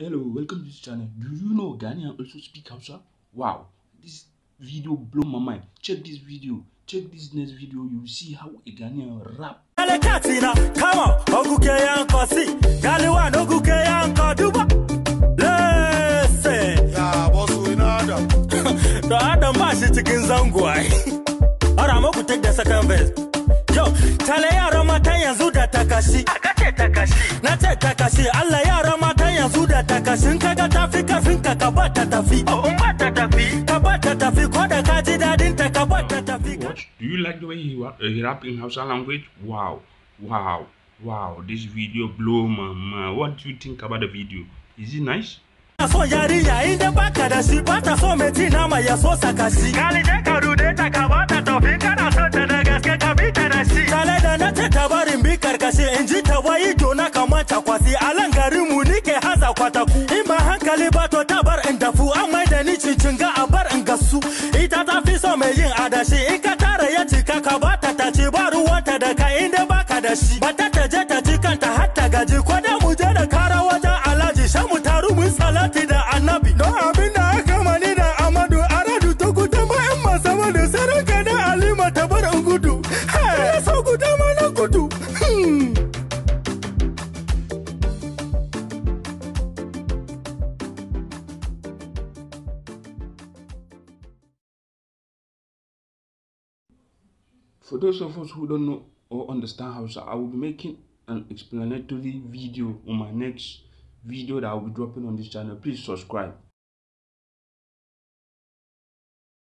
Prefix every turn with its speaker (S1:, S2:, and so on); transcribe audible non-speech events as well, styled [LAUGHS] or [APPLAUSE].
S1: Hello, welcome to this channel. Do you know Ghanaian also speak Hausa? Wow, this
S2: video blew my mind.
S1: Check this video. Check this next video. You see how a Ghanaian rap.
S2: [LAUGHS] take second verse. Yo, takashi. takashi. takashi, Allah tafi oh, oh, tafi tafi da tafi what
S1: do you like the way he, uh, he rap in Hausa language wow wow wow this video blow my mind what do you think about the video is it
S2: nice yari kali kwataku in ba hankali ba to ta bar in dafu an mai da ni cincinga a bar in gasu ita ta fi so mai yin adashi in ka tara ya cika ka ba ta ta ci ba ruwanta da ka in ba ka da shi ba ta ta je ta ji kanta har ta gaji ko da mu je da kara wajen alaji shan mu taru mu salati
S1: For those of us who don't know or understand Hausa, I will be making an explanatory video on my next video that I will be dropping on this channel. Please subscribe.